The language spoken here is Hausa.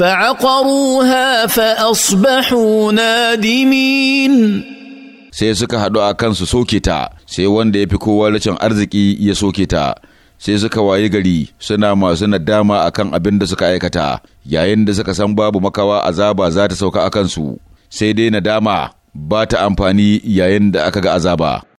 فعقروها فأصبحوا نادمين sai suka haɗu a kansu soke ta sai wanda ya fi kowa rashin arziki ya soke ta sai suka wayi gari suna masu nadama akan abin da suka aikata yayin da suka san babu makawa azaba za ta sauka a kansu sai dai nadama ba ta amfani yayin da aka ga azaba